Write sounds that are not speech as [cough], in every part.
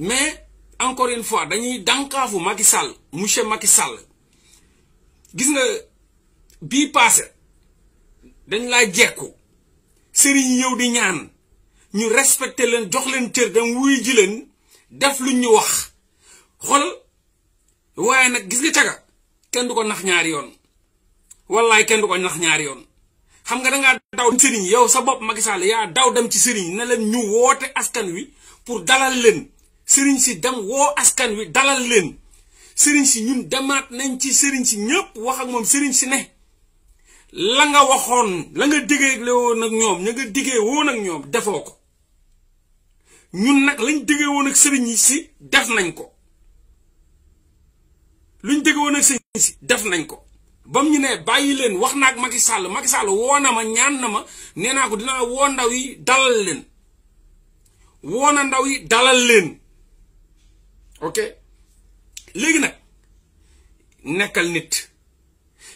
mais encore une fois dañuy dankafu Macky Sall monsieur Macky Sall gis nga bi passé dañ la jekku sëriñ yow di ñaan ñu respecté leen jox leen cër dem wuy ji leen def lu ñu wax xol waye nak gis nga taga kenn du ko nax ñaar yoon wallahi kenn du ko nax ñaar yoon xam nga nga daw sëriñ yow sa bop Macky Sall ya daw dem ci sëriñ na leen ñu wote askan wi pour dalal leen sëriñ si dem woo askan wi dalal leen sëriñ si ñun demaat nañ ci sëriñ si ñëpp wax ak moom sëriñ si ne la nga waxoon la nga diggee woon ñoom ña nga diggee woon ñoom defoo ko ñun nag lañ diggee woon si def nañ ko luñ diggee woon nañ ko bam ñu ne bàyyi leen wax naa ak Macky Sall Macky woo na ma ñaan na ma nee ko dinaa woo ndaw yi dalal leen woo na ndaw yi dalal leen ok légui nak nekkal nit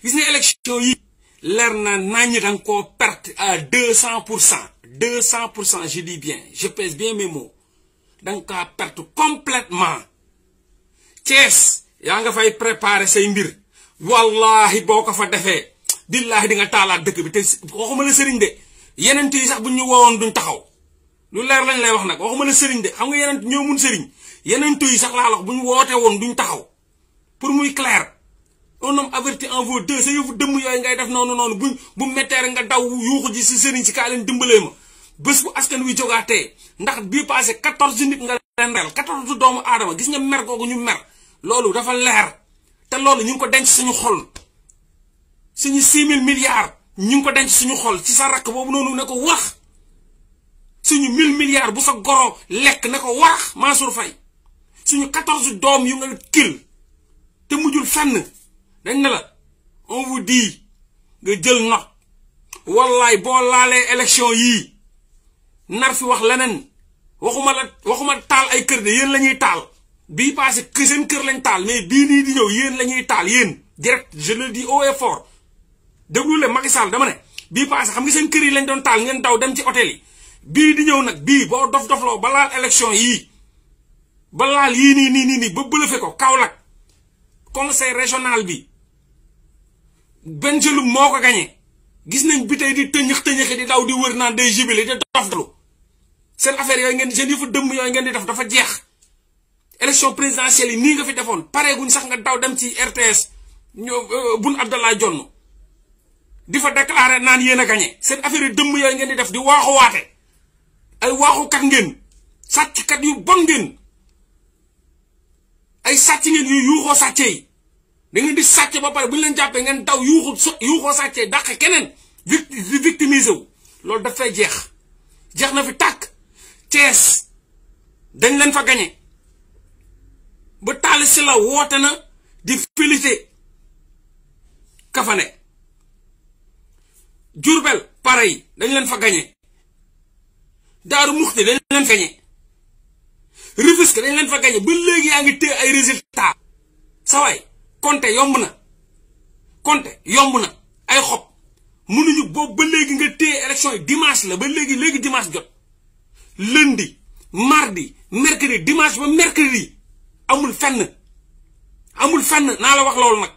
gis ni élection yi lerna na nañ da perte à 200% 200% je dis bien je pèse bien mes mots dang ka perte complètement Thiès ya nga fay préparer say mbir wallahi boko fa défé billahi di nga talat dëkk bi té waxuma la sëriñ dé yenen yi sax bu ñu duñ taxaw lu leer lañ lay wax nak waxuma la sëriñ dé xam nga yenen ñoo sëriñ yeneen taux sax laa wax bu ñu wootee woon duñ taxaw pour muy clair un homme averti en vaut deux sa yëfu dëmm ngay def noonu noonu buñ bu métteer nga daw yuuxu ji si sëriñ si kaa leen dimbalee ma bës bu askan wi jógaatee ndax bii passé quatorze nit nga leen rel quatorze doomu aadama gis nga mer googu ñu mer loolu dafa leer te loolu ñu ngi ko denc suñu xol suñu six mille milliards ñu ngi ko denc suñu xol si sa rakk boobu noonu ne ko wax suñu mille milliards bu sa goro lekk ne ko wax Mansour Faye suñu 14 doom yu nga kill. te mujjul fenn dañ ne on vous dit nga jël nox wallaay boo laalee élection yii nar fi wax lenen. waxuma la waxuma tal ay kër de yéen la ñuy taal bii passé que seen kër lañ taal mais bi nii di ñëw yéen la tal, taal direct je le dis haut et fort déglu leen Macky Sall dama ne bii passé xam nga seen kër yi lañ doon taal ngeen daw dem ci hôtel yi bii di ñëw nak, bi, bo dof dofloo balaa élection yi. balal yi ni ni ni ba bluffé ko kaolak conseil régional bi benjelu moko gagné gis nañ bi tey di teñx teñx di daw di wërna des jibilé jibile di dof dalu affaire yoy ngén seen yëfu dëmm yoy ngén di def dafa jeex élection présidentielle ni nga fi paré guñ sax nga daw dem ci RTS ñu euh, buñ Abdallah di déclarer nan yéna gagné sen affaire dëmm di def di waxu waate ay ngén ngeen kat yu bon ngén ay sàcc ngeen yu yuuxoo sàcce yi da ngeen di sàcce ba pare bu ñu leen jàppee ngeen daw yuuxu so yuuxoo sàcce yi keneen di victimisé wu loolu daf jeex jeex na fi tàkk Thiès dañ leen fa gañe ba taali si la woote na di félicité Kafane Diourbel pare yi dañ leen fa gañe Daaru Muxti dañ leen gañe Rufisque dañ leen fa gagné ba léegi yaa ngi téye ay résultats sa waay compte yomb na compte yomb na ay xob mënuñu boobu ba léegi nga téye élection yi dimanche la ba léegi léegi dimanche jot lundi mardi mercredi dimanche ba mercredi amul fenn amul fenn naa la wax loolu mag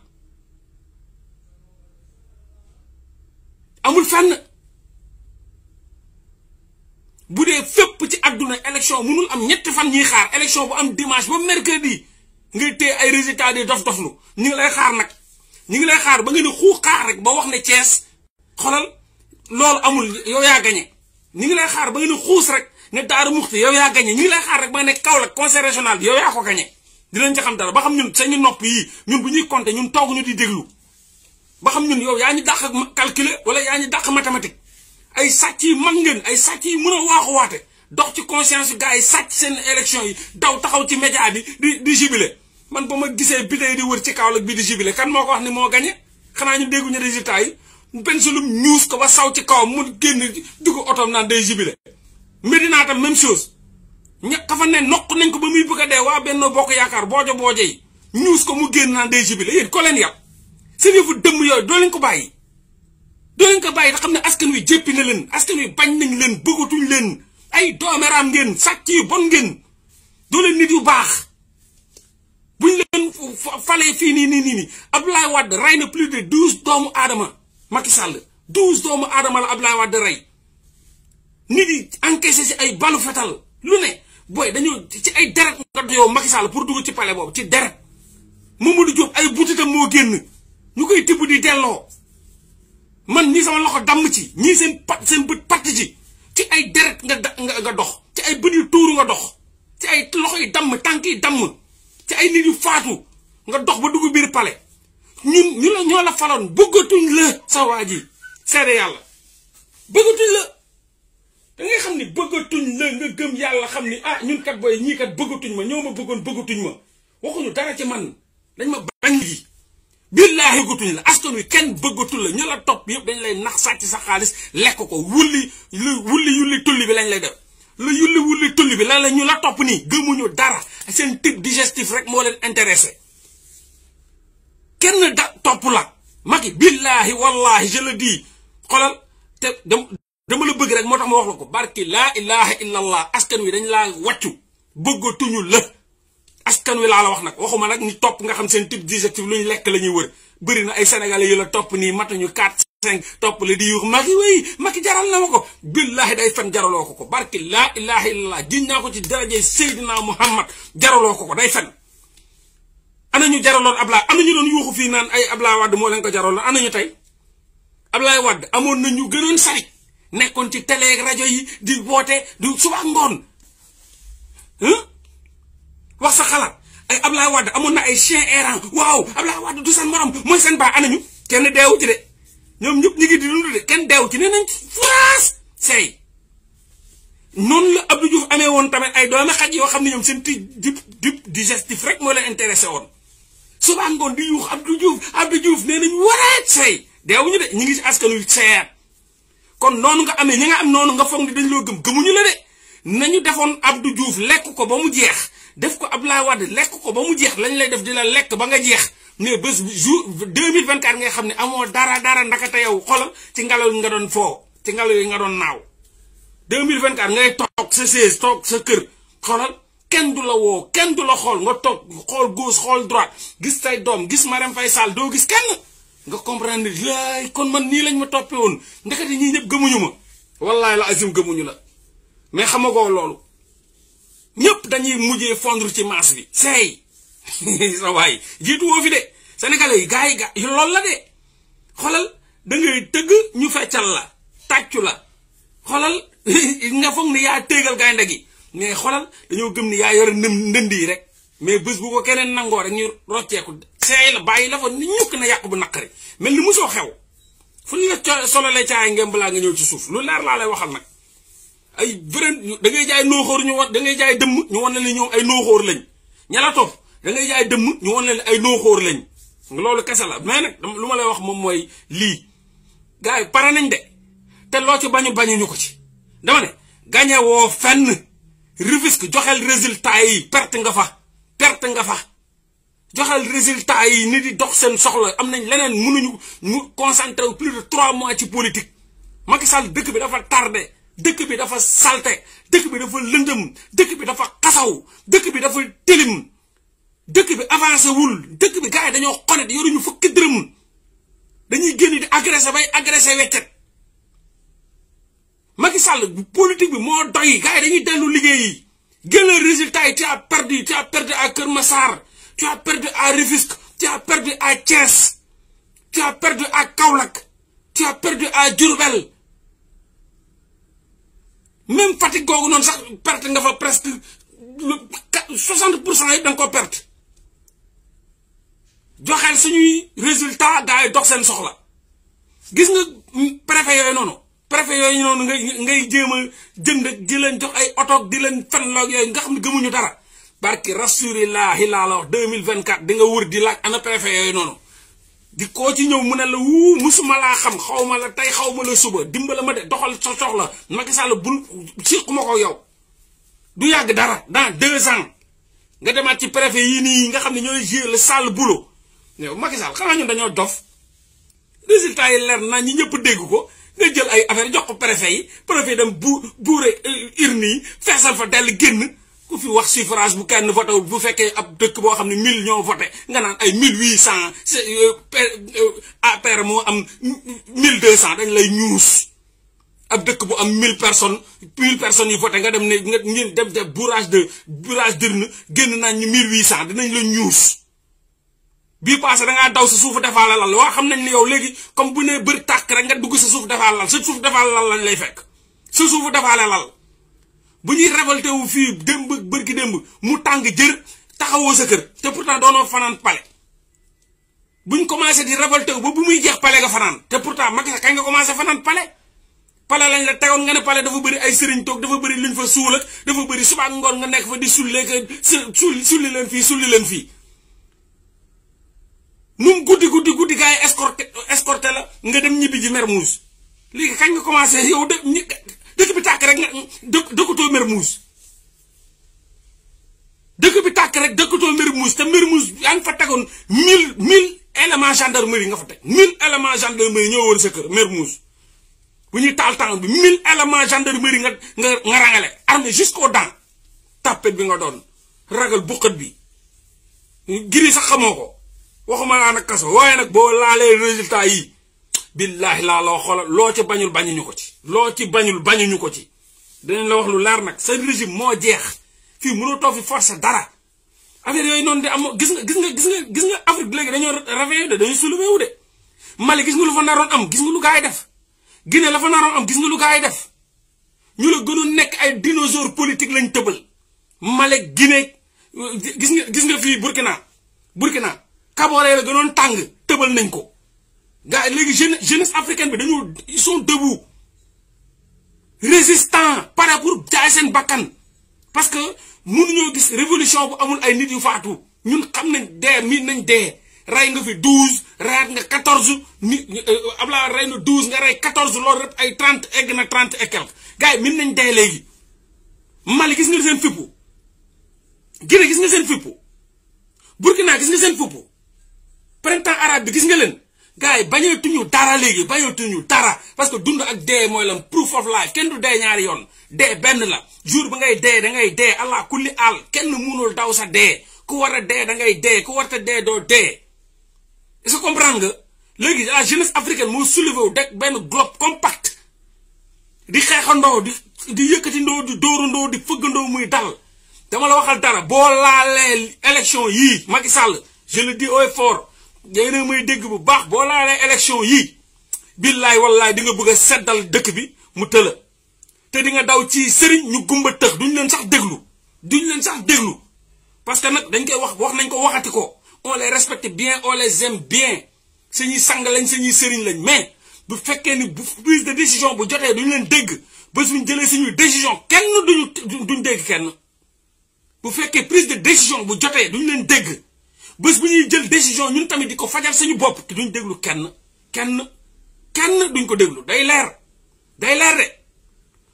amul fenn. bu dee fépp ci àdduna élection mënul am ñetti fan ñuy xaar élection bu am dimanche ba mercredi ngay téye ay résultats di dof doflu ñu ngi lay xaar nag ñu ngi lay xaar ba nga ne xuu xaar rek ba wax ne Thiès xolal loolu amul yow yaa gañe ñu ngi lay xaar ba nga xuus rek ne Daaru Muxti yow yaa gañe ñu ngi lay xaar rek ba nga ne Kaolack conseil régional yow yaa ko gañe dinañ ci xam dara ba xam ñun sañu nopp yi ñun bu ñu konte ñun toog ñu di déglu ba xam ñun yow yaa ñu dàq calculer wala yaa ñi dàq mathématique ay sàcc yi mag ngeen ay sàcc yi mën a waaxuwaate dox ci conscience gars yi sàcc seen élection yi daw taxaw ci média bi di di jubilé man ba ma gisee bitey di wër ci Kaolack bi di jubilé kan moo ko wax ni moo gañe xanaa ñu dégguñu résultat yi pensulum ñuus ko ba saw ci kawam mu génn dugg otoom naan day jubilé Medina tam même chose ña ka fa ne noq nañ ko ba muy bëgg a dee waa benn Bokk Yaakaar boojo boojo yi ñuus ko mu génn naan day jubilé yéen ko leen yàpp seen yëfu dëmm yooyu doo leen ko bàyyi doo leen ko bàyyi da xam ne askan wi jéppi na leen askan wi bañ nañ leen bëggatuñ leen ay doomeraam ngeen sàcc yu bon ngeen doo nit yu baax buñ leen falee fii nii nii nii nii Abdoulaye rey na plus de douze aadama Macky Sall douze doomu aadama la Abdoulaye Wade rey nit yi encaissé si ay balu fetal lu ne booy dañoo ci ay deret nga doyoo Macky Sall pour dugg ci pale boobu ci deret Mamadou Diop ay butitam moo génn ñu koy tibb di delloo man ñii sama loxo damm ci ñii seen pat seen bët patt ci ci ay deret nga nga nga dox ci ay bët yu tuuru nga dox ci ay loxo yi damm tànk yi damm ci ay nit yu faatu nga dox ba dugg biir palais ñun ñu la ñoo la faloon bëggatuñ la sa ji seede yàlla bëggatuñ xam ni bëggatuñ la nga gëm yàlla xam ni ah ñun kat booy ñii kat bëggatuñ ma ñoo ma bëggoon bëggatuñ ma waxuñu dara ci man dañ ma bañ gi billaahi gutuñu la askan wi kenn bëggatul la ñu la topp yëpp dañ lay nax sàcc sa xaalis lekk ko wulli lu wulli yulli tulli bi lañ lay def lu yulli wulli tulli bi lan la ñu la topp nii gëmuñu dara seen type digestif rek moo leen intéressé kenn da topp la magi billaahi wallaahi je le dis xolal te dama la bëgg rek moo tax ma wax la ko barki laa ilaha illallah askan wi dañ laa wàccu bëggatuñu la askan wi laa la wax nag waxuma nag ñu topp nga xam seen type digestif lu ñu lekk la ñuy wër bëri na ay sénégalais yu la topp nii matuñu 4 5 topp la di yuux Macky wéy Macky jaral na ma ko billaahi day fen jaraloo ko ko barki laa ilaaha illallah jiñ naa ko ci daraje Seydina Muhammad jaraloo ko ko day fen ana ñu jaraloon Ablaye am na ñu doon yuuxu fii naan ay Ablaye Wade moo leen ko jaraloon ana ñu tey ab Ablaye Wade amoon na ñu gënoon sari nekkoon ci télé rajo yi di woote du suba ngoon wax sa xalaat ay Ablaye Wade amoon na ay chien errant waaw Ablaye Wade du seen morom mooy seen baa anañu kenn deewu ci de ñoom ñëpp ñu ngi di dund kenn deewu ci nee nañ France sey noonu la Abdou Diouf amee woon tamit ay doomi xaj yoo xam ne ñoom seen ti dib dib digestif rek moo leen intéressé woon suba ngoon di yuux Abdou Diouf Abdou Diouf nee nañ wareet sey deewuñu de ñu ngi si askanu seer kon noonu nga amee ñi nga am noonu nga foog ni dañ loo gëm gëmuñu la de nañu defoon Abdou juuf lekk ko ba mu jeex def ko abla wad lek ko ba mu jeex lañ lay def dina lek ba nga jeex ne bes 2024 nga xamni amo dara dara ndakate yow xol ci ngalaw nga don fo ci ngalaw yi nga don naw 2024 ngay tok ce ce tok ce keur xolal ken dula wo ken dula xol nga tok xol gauche xol droite gis say dom gis Marème faisal do do gis ken nga comprendre lay kon man ni lañ ma toppee woon ndakate ñii ñëpp gëmuñu la azim gëmuñu la mais xamago lolou ñëpp dañuy mujj fondre ci masse bi seey [laughs] sa waay jiitu woo de sénégalais yi gars yi gaa gars lool la de xolal da ngay tëgg ñu feccal la tàccu la xolal [laughs] nga foog ni yaa téegal gaynde gi mais xolal dañoo gëm ni yaa yore ndënd yi rek mais bés ko keneen nangoo rek ñu rocceeku seey la bàyyi la fa ni ñukk na yàq bu naqari mel ni musoo xew fu ñu la solo la caay ngeen balaa nga ñëw ci suuf lu leer laa lay waxal nag ay vrai da ngay jaay no xor ñu won da ngay jaay dem ñu won la ñoom ay no xor lañ ñala la da ngay jaay dem ñu won la ay no xor lañ loolu kessa la mais nak luma lay wax mom moy li gaay yi nañ de te lo ci bañu bañu ñuko ci dama ne gagné wo fenn Rufisque joxel résultat yi perte nga fa perte nga fa joxel résultat yi nit di dox sen soxla am nañ leneen mënuñu concentrer plus de 3 mois ci politique Macky Sall dëkk bi dafa tarder dëkk bi dafa salte dëkk bi dafa lëndëm dëkk bi dafa xasaw dëkk bi dafa tilim dëkk bi avancé wul dëkk bi gars dañoo dañoo xonet yoruñu fukki dërëm dañuy génn di agressé bay agressé weccet Macky Sall politique bi moo doy gars yi dañuy liggéey liggéeyi génn résultat yi tu as perdu tu as perdu à Kër Massar tu as perdu à Rufisque tu as perdu à Thiès tu as perdu à Kaolack tu as perdu à Diourbel même fatigue non non sax perte nga fa presque 60% pour cent ko perte joxeel suñuy résultat gaay dox sen soxla gis nga préfet yoy noonu préfet yoy noonu ngay ngay jéem a di len jox ay auto di leen fenloog yoy nga xamni ne gëmuñu dara barki rasulillah la wax 2024 di nga wër di lak ana préfet yoy noonu di koo ci ñëw mu ne la wuu musuma laa xam xaw ma la tey xaw ma la suba dimbala ma de doxal sox soxla Macky Sall bul siquma ko yow du yàgg dara dans deux ans nga demaat ci préfet yi nii nga xam ne ñooy jouer le sale boulot yow Macky Sall xanaa ñun dañoo dof résultat yi leer na ñi ñëpp dégg ko nga jël ay affaire jox ko préfet yi préfet dem bu buure euh, urne yi feesal fa dell génn ku fi wax suffrage bu kenn voté wul bu fekkee ab dëkk bo xamni 1000 mille ñoo voté nga nan ay 1800 huit cent euh, euh, APR ah, moo am 1200 dañ lay ñuus ab dëkk bu am 1000 personnes 1000 personnes yi voté nga dem ne nga ngeen dem def bourrage de bourrage d'urne genn nañ ñu 1800 huit cent dinañ la ñuus bii passé da nga daw sa suufu defaa la waa xam nañ ne yow léegi comme bu nee bëri tak rek nga dugg sa suuf defaa la sa suufu defaa la lañ lay fekk sa suuf defaa la buñu révolté wu fi demb barki demb mu tang jër taxawoo sa kër té pourtant fanan pale buñ commencé di révolté wu bu muy jeex pale ga fanan té pourtant Macky Sall nga commencé fanan pale pale lañ la tégon nga né pale dafa bëri ay sëriñ tok dafa bëri liñ fa suul ak dafa bëri suba ngor nga nekk fa di sulleeka sul sulli leen fi sulli leen fi num goudi goudi goudi gaay escorté escorté la nga dem ñibi ji mermous li kañ nga commencé yow dëkk bi tàkk rek dëkk dëkkutoo Mermoz dëkk bi tàkk rek dëkkutoo Mermoz te Mermoz yaa ngi fa tegoon mille mille éléments yi nga fa teg mille éléments gendarmerie ñoo wër sa kër Mermoz bu ñuy taal taal bi mille éléments gendarmerie nga nga nga rangale armé jusqu'aux dents tapet bi nga doon ragal buqat bi giri sax xamoo ko waxuma laa nag kaso waaye nag boo laalee résultat yi billaahi laa la xoolal loo ci bañul bañuñu ko ci loo ci bañul bañuñu ko ci danañ la wax lu laar nag sa régime moo jeex fii mënoo toog fi forcé dara affaire yooyu noonu de am gis nga gis nga gis nga gis nga Afrique léegi dañoo rafet de dañuy soulevé wu de Mali gis nga lu fa naroon am gis def Guinée la fa naroon am gis nga lu gaay def ñu la gënoon nekk ay dinosaure politique lañ tëbal Mali Guinée gis nga gis nga fii Burkina Burkina Kaboré la gënoon tàng tëbal nañ ko. Les jeunes africains ils sont debout résistants par rapport à la guerre. parce que avons une révolution bu amul ay nit yu faatu ñun xam nañ ont douze quatorze Ils ont nga quatorze euh, rep ay trente et quelque nañ ont Mali gis nga Guinée gis Burkina gis printemps arabe gars yi bañatuñu dara léegi bañatuñu dara parce que dund ak dee mooy lan proof of life kenn du dee ñaari yoon dee benn la jour ba ngay dee da ngay dee allah kulli àll kenn munul daw sa dee ku war a dee da ngay dee ku warta dee doo dee est-ce nga léegi la jeunesse africaine moo soulevé wu dek benn globe compact di xeexandoo di di yëkkatindoo di dóorandoo di fëggandoo muy dal dama la waxal dara boo laalee élection yii Macky je le dis haut et fort yéen muy dégg bu baax boo laalee élection yii billaay wallaay di nga bëgg a seddal dëkk bi mu tëla te di nga daw ci sëriñ ñu gumba tëx duñ leen sax déglu duñ leen sax déglu parce que nag dañ koy wax wax nañ ko waxati ko on les respecte bien on les aime bien suñuy sang lañ suñuy sëriñ lañ mais bu fekkee ni prise de décision bu jotee duñ leen dégg bu suñu jëlee suñuy décision kenn duñu duñ dégg kenn bu fekkee prise de décision bu jotee duñ leen dégg bës bu ñuy jël décision ñun tamit diko ko fajal suñu bop te duñ déglu kenn kenn kenn duñ ko déglu day leer day leer de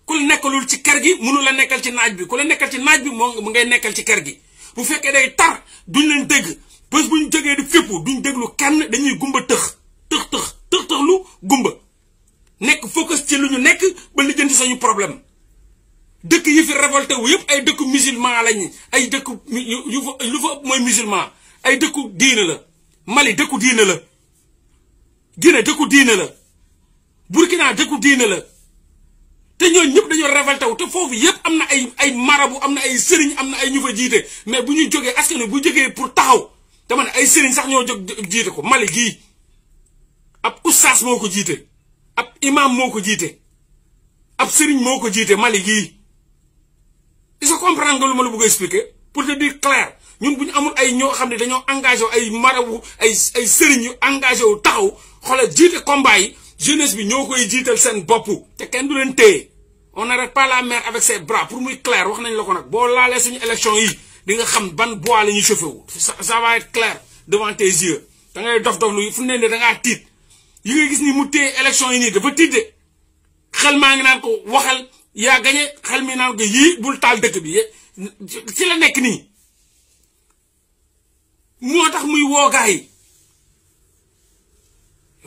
ku la nekkalul ci kër gi mënu la nekkal ci naaj bi ku la nekkal ci naaj bi mo ngay nekkal ci kër gi bu fekkee day tar duñ leen dégg bés bu ñu jógee di fépp duñ déglu kenn dañuy gumba tëx tëx tëx tëx tëx lu gumba nekk focus ci lu ñu nekk ba lijjanti sañu problème dëkk yi fi révolté wu yëpp ay dëkk musulman lañ ay dëkk yu fa lu fa mooy musulman ay dëkku diine la Mali dëkku diine la Guinée dëkku diine la Burkina dëkku diine la te ñooñu ñëpp dañoo révolté wu te foofu yëpp am na ay ay marabu am na ay sëriñ am na ay ñu jiite mais bu ñuy jógee askan bu jógee pour taxaw dama ne ay sëriñ sax ñoo jóg jiite ko Mali gii ab ustaas moo ko jiite ab imam moo ko jiite ab sëriñ moo ko jiite Mali gii. est-ce que lu ma la bëgg a expliquer pour te dire clair ñun buñ amul ay ño xam ne dañoo engagé ay marabu ay ay sëriñ yu engagé wu taxaw xoolal jiite combat yi jeunesse bi ñoo koy jiital seen bopp te kenn du len téye on n'arrête pas la mer avec ses bras pour muy clair wax nañ la ko nag boo laalee suñu élection yi di nga xam ban bois la ñuy chauffé wu ça va être clair devant tes yeux da ngay dof-dof lu fu mu ne da nga tiit yi nga gis ni mu téye élection yi nii dafa tiite xel ma ngi naan ko waxal ya gagné xel mi naan ko yii bul taal dëkk bi ci la nek ni moo tax muy woogaay gaa yi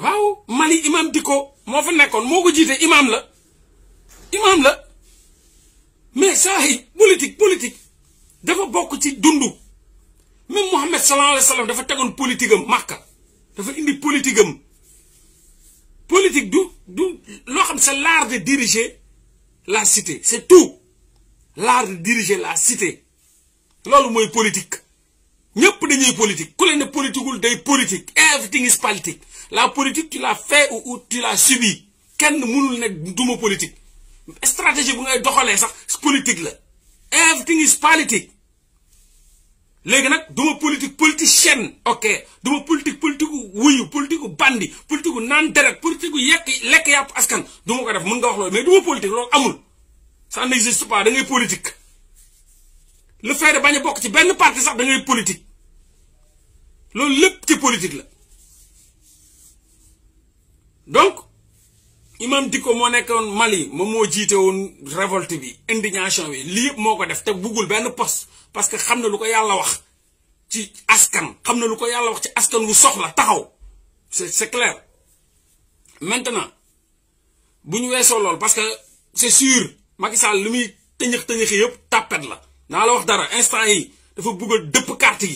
waaw Mali imam Dicko moo fa nekkoon moo ko jiite imam la imam la mais saa yi politique politique dafa bokk ci dundu même Mouhamed sallallahu alayhi wa sallam dafa tegoon politique am Makka dafa indi politique am politique du du loo xam c'est l'art de diriger la cité c'est tout l'art de diriger la cité loolu mooy politique ñëpp dañuy politique ku leen ne politiqueul day politique everything is politique la politique tu l'as fait ou tu l'as subi kenn mënul ne duma politique stratégie bu ngay doxalee sax politique la everything is politique léegi nag duma politique politicienne ok duma politique politique wuyu politique u bandi politique u naan deret politique u yekk lekk yàpp askan duma ko def mën nga wax loolu mais duma politique loolu amul ça n'existe pas da ngay politique le fait de bañ bokk ci benn parti sax da ngay politique C'est politique Donc, donc imam dit que en Mali qui dit jiite révolte indignation a fait. def parce que ce askan askan wu soxla c'est c'est clair maintenant si ñu weesoo parce que c'est sûr Macky Sall li muy la la instant yi dafa a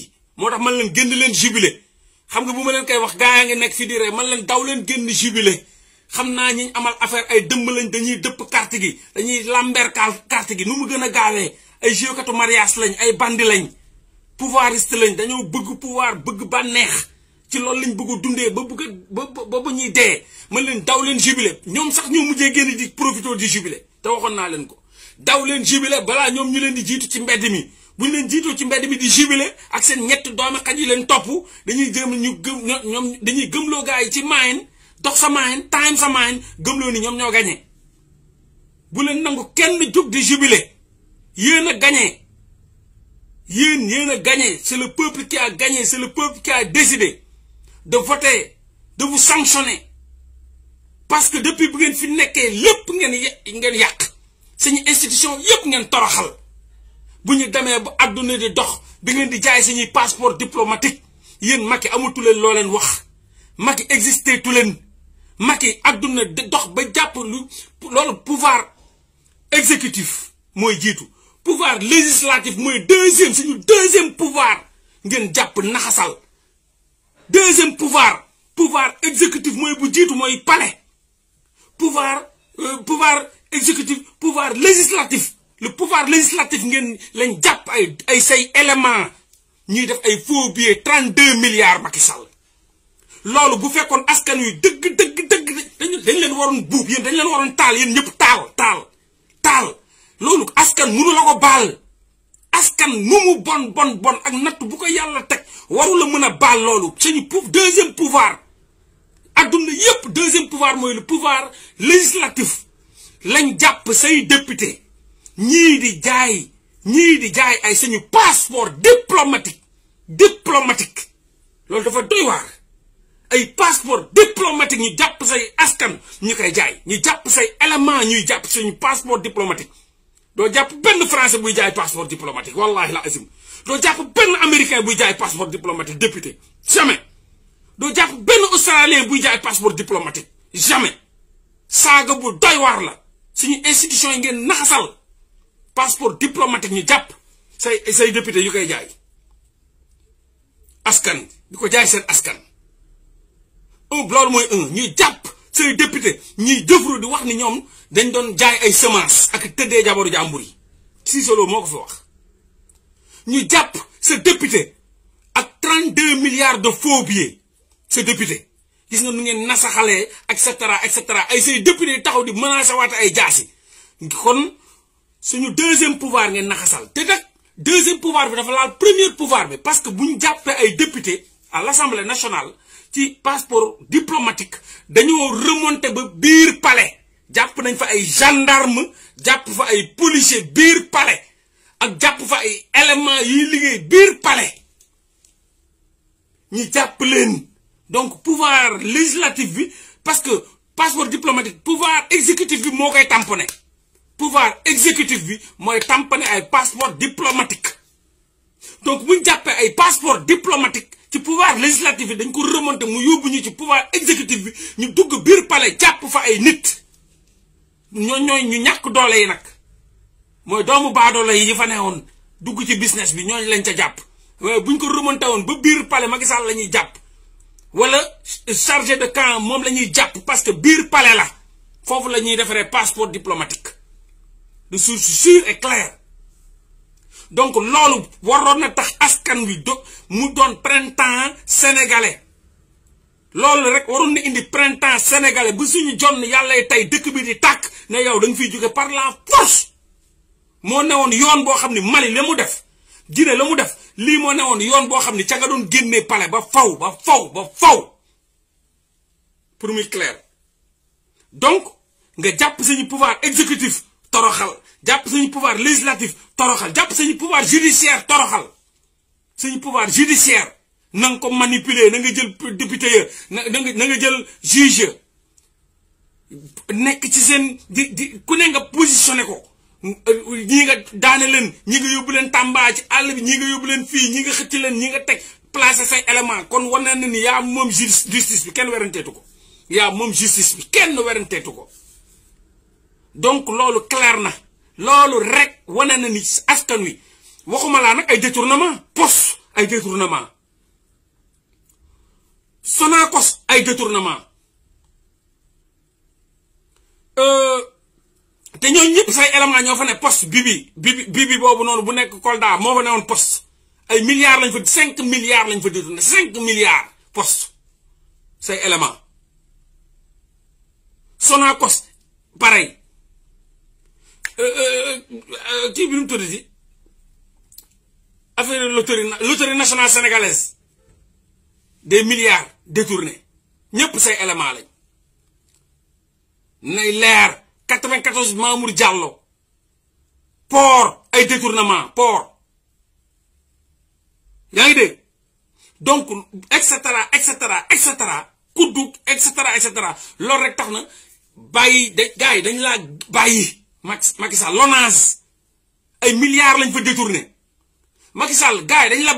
moo tax man leen génn leen jubilé xam nga bu ma leen koy wax gaa yaa ngi nekk fii di rey man leen daw leen génn jubilé xam naa ñi amal affaire ay dëmb lañ dañuy dëpp carte gi dañuy lamber carte gi nu mu gën a gaawee ay jokatu mariage lañ ay bandi lañ pouvoiriste lañ dañoo bëgg pouvoir bëgg bànneex ci loolu lañ bëgg dundee ba bëgg ba ba ba ñuy dee man leen daw leen jubilé ñoom sax ñoo mujjee génn di profité di jubilé te waxoon naa leen ko daw leen balaa ñoom ñu leen di jiitu ci mbedd mi vous avez leen que ci mbedd bi di jubilé ak seen ñett dañuy ñu dañuy ci dox sa time sa ni c'est le peuple qui a gagné c'est le peuple qui a décidé de voter de vous sanctionner parce que depuis bu ngeen fi nekkee lépp ngeen ngeen yàq une institution yépp ngeen si vous avez ba di dox passeport diplomatique yeen Maki amatu leen loo wax exister tu leen vous aduna di dox ba pouvoir exécutif moy pouvoir législatif moy deuxième suñu deuxième pouvoir ngeen japp deuxième pouvoir pouvoir exécutif moy bu palais pouvoir euh, pouvoir exécutif pouvoir législatif le pouvoir législatif ngén lañ japp ay ay say élément ñuy def ay faux billets 32 milliards Macky Sall loolu bu fekkoon askan wi deug deug deug dañ dañ leen waron buub yeen dañ leen waron taal yeen ñepp taal taal taal lolu askan mënu la ko bal askan nu mu bon bon bon ak nat bu ko yalla tek waru la mëna bal. lolu suñu pouf deuxième pouvoir aduna yépp deuxième pouvoir moy le pouvoir législatif lañ japp say député ñii di jaay ñii di jaay ay suñu passeport diplomatique diplomatique loolu dafa doy waar ay passeport diplomatique ñu jàpp say askan ñu koy jaay ñu jàpp say élément ñuy jàpp suñu passeport diplomatique doo jàpp benn français buy jaay passeport diplomatique wallahi la azim doo jàpp benn américain buy jaay passeport diplomatique député jamais doo jàpp benn australien buy jaay passeport diplomatique jamais saaga bu doy waar la suñu institution yi ngeen naxasal passeport diplomatique ñu japp say say député yu koy jaay askan diko jaay sen askan un blor moy un ñu japp say député ñi defru di wax ni ñom dañ doon jaay ay semence ak teudé jaboru jamburi yi solo moko fi wax ñu japp ce député ak 32 milliards de faux billets ce député gis nga nu ngeen nasaxalé et cetera et cetera ay say député taxaw di menacer wat ay jasi kon suñu deuxième pouvoir ngeen deuxième pouvoir bi dafa laal premier pouvoir mais parce que nous jappé ay député à l'Assemblée nationale qui ci passeport diplomatique dañoo remonté le biir palais japp nañ fa ay gendarme japp fa ay policier biir palais ak japp fa ay éléments yi liggéey biir palais ñi japp leen donc pouvoir législatif parce que passeport diplomatique pouvoir exécutif bi moo koy tamponné pouvoir exécutif bi moy tamponné ay passeport diplomatique donc buñu jappé ay passeport diplomatique ci pouvoir législatif dañ ko remonté mu yóbbu ñu ci pouvoir exécutif bi ñu dugg biir palais japp fa ay nit ñoy ñoy ñu ñak doole yi nag mooy doomu baadoolo yi yi fa ne dugg ci business bi ñoy lañ ca japp waaye buñ ko remonté won ba biir palais Macky Sall lañuy japp wala chargé de camp mom lañuy japp parce que biir palais la fofu lañuy ñuy passeport diplomatique de source sûre et claire donc loolu waroon na tax askan wi do mu doon printemps sénégalais loolu rek waroon na indi printemps sénégalais bu suñu jonn yàlla tey dëkk bi di tàkk ne yow da nga fiy jóge par la force moo newoon yoon boo xam ne Mali la mu def Guinée la mu def lii moo newoon yoon boo xam ne ca nga doon génnee palais ba faw ba faw ba faw pour muy clair donc nga jàpp sañu pouvoir exécutif toroxal jàpp suñu pouvoir législatif toroxal jàpp suñu pouvoir judiciaire toroxal suñu pouvoir judiciaire na nga ko manipuler na nga jël député ya na nga na nga jël juge nekk ci seen di di ku ne nga positionné ko ñii nga daane leen ñi nga yóbbu leen Tamba ci àll bi ñi nga yóbbu leen ñi nga xëcc leen ñi nga teg placé say élément kon war na ne ni yaa moom justice bi kenn weranteetu ko yaa moom justice bi kenn weranteetu ko donc le clair na le rek wane na ni askan wi waxuma la nak ay détournement pos ay détournement Sonacos ay détournement euh, té ñoo ñëpp say élément ñoo fa poste bibi bibi bibi bobu noonu bu nek Kolda y fa un poste ay milliards lañ fa cinq milliards lañ fa détourné cinq milliards poste say élément Sonacos pareil L'autorité euh, euh, euh, affaire nationale sénégalaise des milliards détournés ñëpp say éléments lañ nay L'air, 94 Mamour Diallo port et détournement port yaa donc etc., etc., etc. cetera etc., etc. kuddug et rek gars Macky Sall l'ONAS ay milliards lañ fa détourner. Macky Sall gars dañ la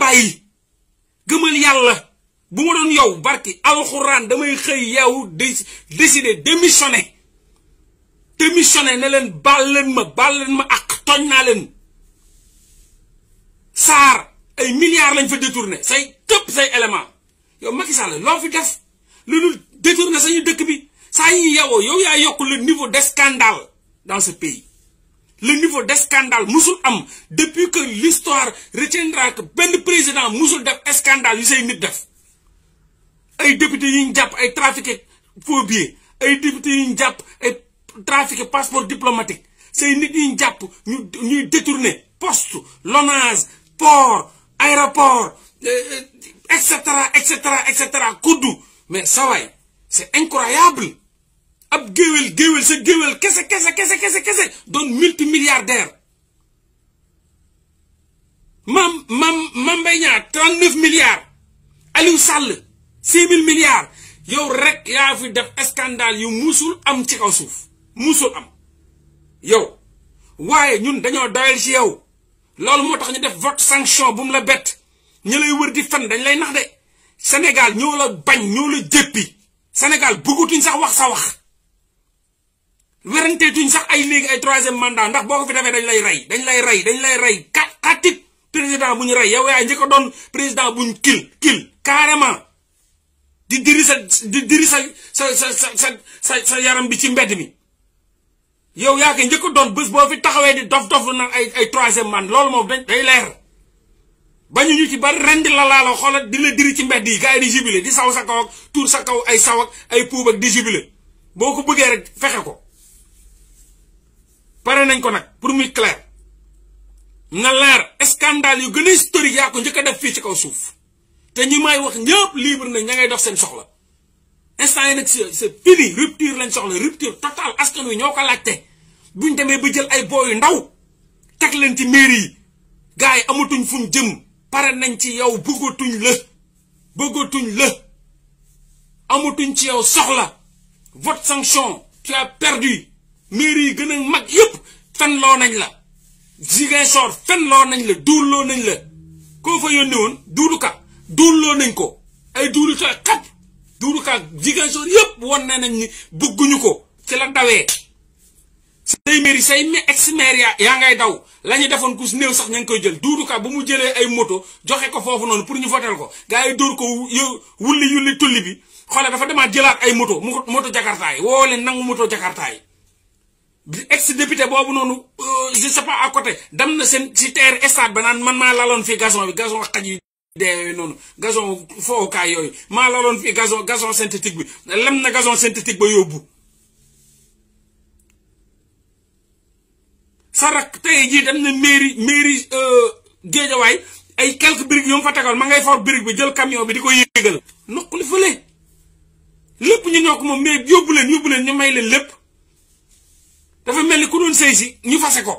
yalla bu yow barki alcorane damay xey yow décider démissionner. Démissionner, ne leen ma balen ma ak ay milliards lañ fa détourner say say élément yow Macky fi def yow le niveau de scandale dans ce pays. Le niveau de scandale, Moussoul Am, depuis que l'histoire retiendra que ben président Moussoul Def scandale, il s'est mis def. Les députés, ils ont trafiqué faux billets. Les députés, ils ont trafiqué passeport diplomatique. C'est une détourné diap, nous détourner poste, l'ONAS, port, aéroport, etc., etc., etc., Koudou. Mais ça va, c'est incroyable ab géwél géwél sa géwél kese kese kese kese kese don multimilliardaire mam mam mam 39 milliards Aliou Sall 6000 milliards yow rek ya fi def scandale yu musul am ci kaw suuf musul am yow waye ñun dañoo doyal ci yow loolu motax ñu def vote sanction bu mu la bet ñu lay wër di fan dañ lay nax de Sénégal ñoo la bañ ñoo la jéppi Sénégal bëggatuñ sax wax sa wax tuñ sax ay léegi ay troisième mandat ndax boo ko fi defee dañ lay rey dañ lay rey dañ lay rey kat xatit président bu ñu rey yow yaay njëkk a doon président buñ kil kil carrément di diri di diri sa sa sa sa sa sa yaram bi ci mbedd mi yow yaa ko njëkk doon bés boo fi taxawee di dof-dof na ay ay troisième man loolu moom dañ day leer bañu ñu ci bari rendi la laa la xoolal di la diri ci mbedd yi ka yi di jubile di saw sa kaw ak sa kaw ay saw ay puub ak di jubile boo ko bëggee rek fexe ko pare nañ ko nag pour muy clair na leer scandale yu gën a historique yaa ko njëkk a def fii ci kaw suuf te ñi may wax ñëpp libre nañ ña ngay seen soxla instant yi nag c'est fini rupture lañ soxla rupture totale askan wi ñoo ko laajte buñ demee ba jël ay booyu ndaw teg leen ci mairie yi gars yi amatuñ fuñ jëm pare nañ ci yow bëggatuñ la bëggatuñ la amatuñ ci yow soxla vote sanction tu as perdu mairie yi gën a mag yëpp fen lo nañ la sor fen lo nañ la dul lo nañ la ko fa won woon ka, dul lo nañ ko ay duuluka ka duuluka sor yëpp won nañ ni bëgguñu ko ci la dawee say mairie say ex maire ya ngay daw lañu defon defoon ku sax ñang koy jël ka bu mu jëlé ay moto joxé ko fofu non pour ñu votel ko gaay yi ko wulli yulli tulli bi xolé dafa dama jëlaat ay moto moto jakarta, yi wolé nangu moto yi ex député boobu noonu euh, je sais à côté dem na seen si terre stade ba naan man maa laloon fii gazon bi gazon wax yi dee yooyu noonu gazon fowukaay yooyu maa laloon fii gason gazon synthétique bi lem na gazon synthétique ba yóbbu. sarak tey jii dem na mairie mairie euh, géejawaay ay quelques briques yu mu fa tegal ma ngay for brique bi jël camion bi di ko yéegal noqu li fële lépp ñu ñoo ko moom mais yóbbu leen yóbbu leen ñu may leen lépp. dafa mel ni ku doon sëy si ñu fase ko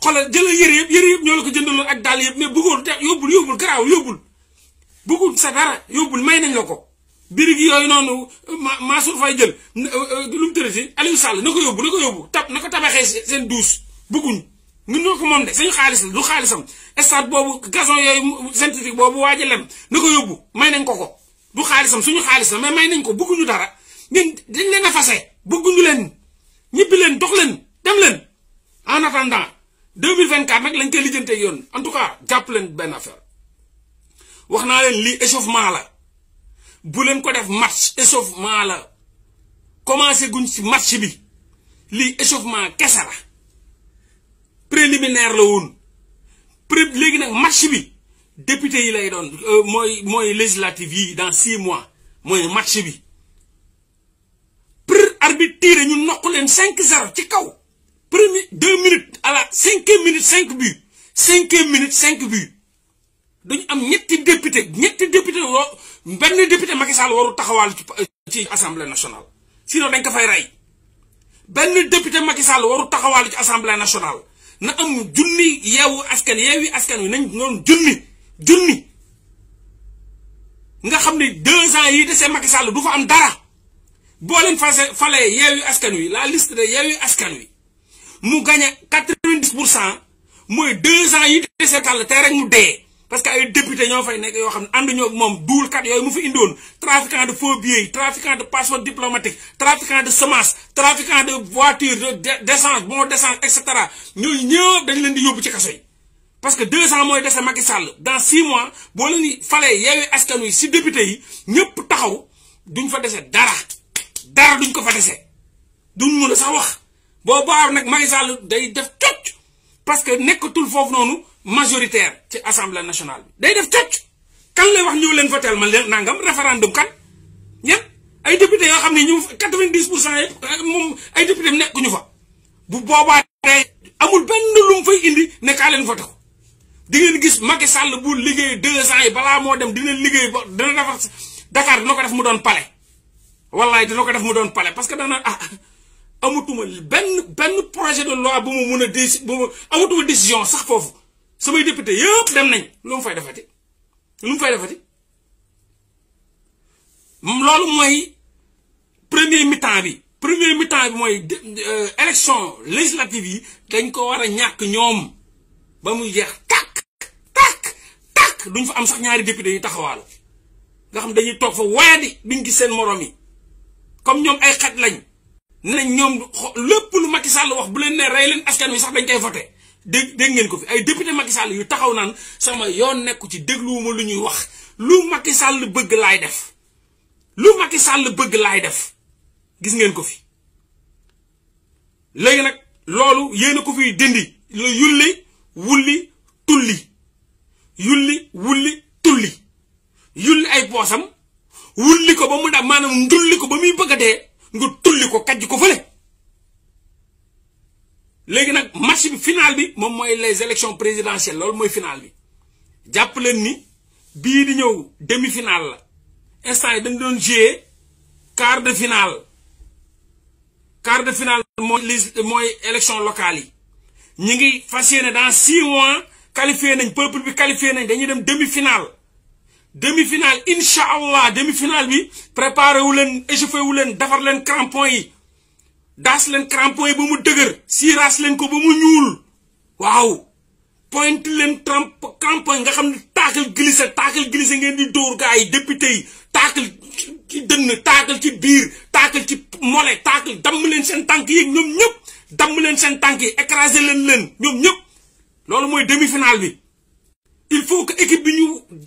xoolal jëlal yëre yëpp yëre yëpp ñoo la ko jëndaloon ak dàll yëpp mais bëggoon te yóbbul yóbbul garaaw yóbbul bëggul sa dara yóbbul may nañ la ko birig yooyu noonu Mansour Faye jël euh, euh, lu mu tërati Aliou Sall na ko yóbbu na ko yóbbu tab na ko tabaxee seen duus bëgguñ ñun ñoo ko moom de sañu xaalis la du xaalisam stade boobu gazon yooyu synthétique boobu waaja lem na ko yóbbu may nañ ko ko du xaalisam suñu xaalis la mais may nañ ko bëgguñu dara ñun di leen a fase bëgguñu leen ñibbi leen dox leen dem leen en attendant 2024 nag lañ koy lijjante yoon en tout cas jàpp leen ben affaire wax naa leen échauffement la bu leen ko def match échauffement la commencé guñ ci match bi li échauffement kessa la préliminaire la woon pré léegi nag match bi député yi lay doon euh, mooy mooy législative yi dans six mois mooy match bi bi ñu 5-0 premier deux minutes à la cinquième minute 5 buts cinquième minute cinq buts députés. am ñetti député ñetti député ben député Macky Sall waru ci assemblée nationale sinon dañ ko fay député Macky Sall waru ci assemblée nationale na am jouni yewu askan yewi askan wi nga ans du fa bolen leen fase falee askan wi la liste de yeewi askan wi mu gagné 90% moy 2 ans yi dese tàll té rek mu dé parce que ay député ño fay nek yo xamné ne ño mom doul kat yoy mu fi indone trafiquant de faux billets trafiquant de passeport diplomatique trafiquant de semence trafiquant de voiture d'essence bon d'essence et cetera ñooñu ñëpp dañ leen di yóbbu ci kasso parce que 2 ans moy déssé Macky Sall dans 6 mois boo leen falé yeewi askan wi si député yi ñepp taxaw duñ fa déssé dara dara duñ ko fa déssé duñ mëna a sax wax bo baaw nak Macky Sall day def cocc parce que nekatul fofu nonu majoritaire ci assemblée nationale bi day def cocc kan lay wax ñew leen votel man leen nangam référendum kan ñëpp ay député yo xamni ne ñu 90% vingt dix ay député ñu fa bu boobaa amul benn lu mu fay indi ne ka leen voté di ngeen gis Macky Sall bu liggéey 2 ans bala mo dem dem dina liggéey ba dina defar Dakar dina ko def mu don palais wallaay dina ko def mu doon palais parce que dana ah amatuma benn benn projet de loi bu ma mun a déci bu ma amatuma décision sax foofu samay député yëpp dem nañ lu mu fay defati lu mu fay defati loolu mooy premier mi bi premier mi mooy euh, élection législative yi dañ ko war a ñàkk ñoom ba muy jeex takk takk takk duñ fa am sax ñaari député yu taxawaal nga xam dañuy toog fa waayadi duñ gis seen morom yi comme ñoom ay xaj lañ ne ñoom lépp lu Macky Sall wax bu leen ne rey leen askan wi sax dañ koy voté dégg dégg ngeen ko fi ay député Macky Sall yu taxaw naan sama yoon nekku ci dégluwuma lu ñuy wax lu makki sàll bëgg laay def lu makki Sall bëgg laay def gis ngeen ko fi léegi nag loolu yéen ko fiy dindi la yulli wulli tulli yulli wulli tulli yulli ay poosam wulli ko ba mu daal maanaam ndulli ko ba muy bëgg a dee nga tulli ko kàjj ko fële léegi nag match bi final bi moom mooy les élections présidentielles loolu mooy final bi jàpp leen ni bii di ñëw demi final la instant yi dañ doon jouer quart de finale quart de finale mooy les mooy élections locales yi ñi ngi fas yéene dans six mois qualifié nañ peuple bi qualifié nañ dañuy dem demi finale demi-finale inshaAllah, demi-finale bi préparé wu leen échauffé wu leen defar leen crampon yi daas leen crampon yi ba mu ko ba ñuul waaw point len cramp crampon glisse, nga xam ne taakal tackle taakal ngeen di dóor gars yi député yi taakal ci dënn ci biir taakal ci mole tackle, damm leen tanki, tànk yi ñoom ñëpp damm leen seen tànk yi écrasé leen demi-finale bi il faut que équipe bi ñu